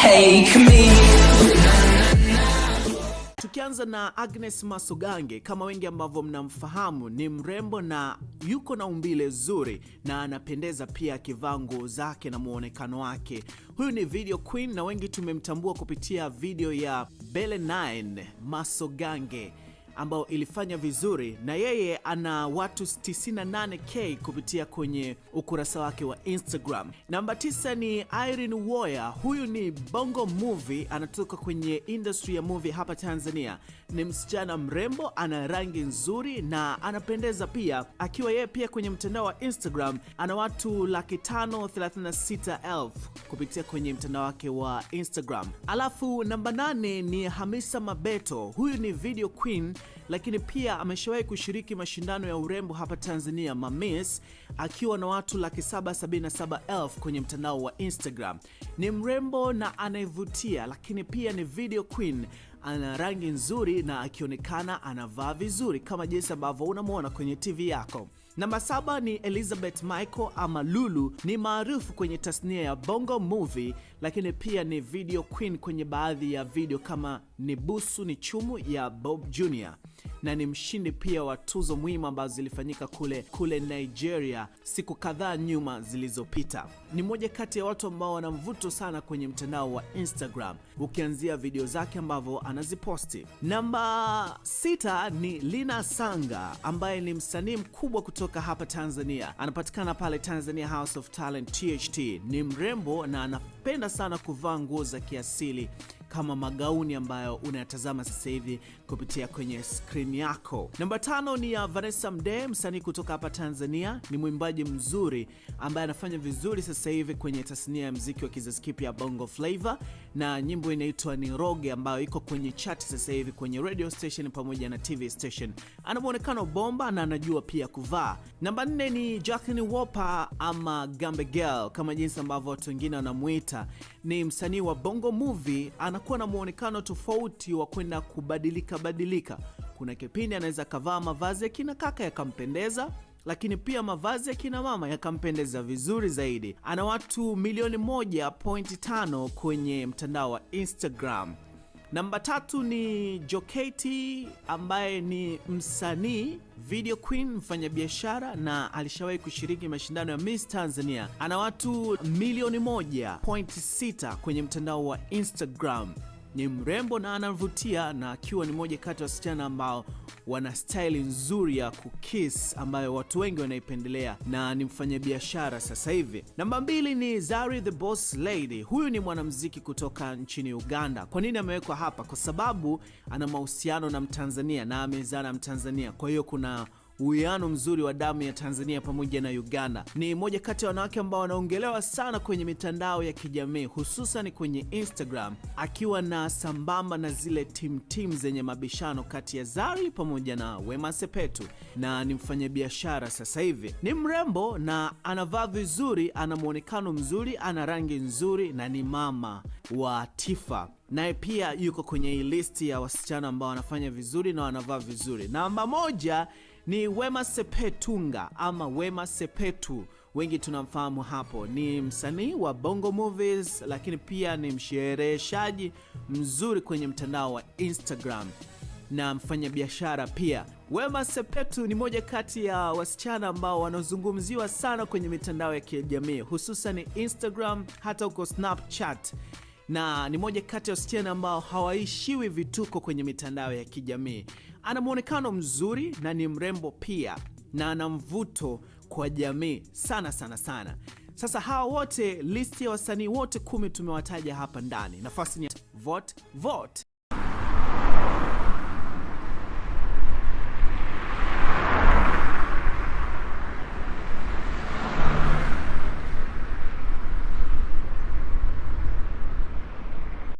take me. Tukianza na Agnes masogange kama wengi ambavyo mnamfahamu, ni mrembo na yuko na umbile zuri na anapendeza pia akivaa nguo zake na mwonekano wake. Huyu ni video queen na wengi tumemtambua kupitia video ya Bele 9 masogange ambayo ilifanya vizuri, na yeye ana watu 98k kupitia kwenye ukurasa wake wa Instagram. Namba 9 ni Irene woya huyu ni bongo movie, anatoka kwenye industry ya movie hapa Tanzania. Ni msichana mrembo, ana rangi nzuri na anapendeza pia, akiwa yeye pia kwenye mtandao wa Instagram ana watu laki 536 kupitia kwenye mtandao wake wa Instagram. Alafu namba nane ni Hamisa Mabeto, huyu ni video queen lakini pia ameshawahi kushiriki mashindano ya urembo hapa Tanzania Mamis akiwa na watu laki saba sabini na saba elfu kwenye mtandao wa Instagram. Ni mrembo na anayevutia, lakini pia ni video queen ana rangi nzuri na akionekana anavaa vizuri kama jinsi ambavyo unamwona kwenye TV yako. Namba saba ni Elizabeth Michael ama Lulu, ni maarufu kwenye tasnia ya Bongo Movie, lakini pia ni video queen kwenye baadhi ya video kama ni busu ni chumu ya Bob Jr na ni mshindi pia wa tuzo muhimu ambazo zilifanyika kule kule Nigeria siku kadhaa nyuma zilizopita. Ni moja kati ya watu ambao wana mvuto sana kwenye mtandao wa Instagram, ukianzia video zake ambavyo anaziposti. Namba sita ni Lina Sanga ambaye ni msanii mkubwa kutoka hapa Tanzania, anapatikana pale Tanzania House of Talent THT. Ni mrembo na anapenda sana kuvaa nguo za kiasili kama magauni ambayo unayatazama sasa hivi kupitia kwenye skrini yako. Namba tano ni ya Vanessa Mdee, msanii kutoka hapa Tanzania. Ni mwimbaji mzuri ambaye anafanya vizuri sasa hivi kwenye tasnia ya mziki wa kizazi kipya Bongo Flava, na nyimbo inaitwa ni Roge ambayo iko kwenye chat sasa hivi kwenye radio station pamoja na TV station. Ana mwonekano bomba na anajua pia kuvaa. Namba nne ni Jacqueline Wolper ama Gambe Girl kama jinsi ambavyo watu wengine wanamwita, Ni msanii wa Bongo Movie ana anakuwa na mwonekano tofauti wa kwenda kubadilika badilika. Kuna kipindi anaweza akavaa mavazi ya kina kaka yakampendeza, lakini pia mavazi ya kina mama yakampendeza vizuri zaidi. Ana watu milioni moja pointi tano kwenye mtandao wa Instagram. Namba tatu ni joketi ambaye ni msanii, video queen, mfanyabiashara na alishawahi kushiriki mashindano ya Miss Tanzania. Ana watu milioni 1.6 kwenye mtandao wa Instagram ni mrembo na anavutia, na akiwa ni moja kati ya wasichana ambao wana staili nzuri ya kukis ambayo watu wengi wanaipendelea na ni mfanyabiashara sasa hivi. Namba mbili ni Zari the Boss Lady. Huyu ni mwanamziki kutoka nchini Uganda. Kwa nini amewekwa hapa? Kwa sababu ana mahusiano na Mtanzania na amezaa na Mtanzania, kwa hiyo kuna uwiano mzuri wa damu ya Tanzania pamoja na Uganda. Ni moja kati ya wanawake ambao wanaongelewa sana kwenye mitandao ya kijamii hususan kwenye Instagram, akiwa na sambamba na zile team team zenye mabishano kati ya Zari pamoja na Wema Sepetu, na ni mfanyabiashara sasa hivi. Ni mrembo na anavaa vizuri, ana mwonekano mzuri, ana rangi nzuri na ni mama wa Tifa naye pia yuko kwenye hii listi ya wasichana ambao wanafanya vizuri na wanavaa vizuri. Namba moja ni Wema Sepetunga ama Wema Sepetu, wengi tunamfahamu hapo. Ni msanii wa Bongo Movies, lakini pia ni mshereheshaji mzuri kwenye mtandao wa Instagram na mfanyabiashara pia. Wema Sepetu ni moja kati ya wasichana ambao wanazungumziwa sana kwenye mitandao ya kijamii hususan Instagram, hata huko Snapchat na ni moja kati ya wasichana ambao hawaishiwi vituko kwenye mitandao ya kijamii. Ana mwonekano mzuri na ni mrembo pia, na ana mvuto kwa jamii sana sana sana. Sasa hawa wote, listi ya wasanii wote kumi tumewataja hapa ndani. Nafasi ni vote vote.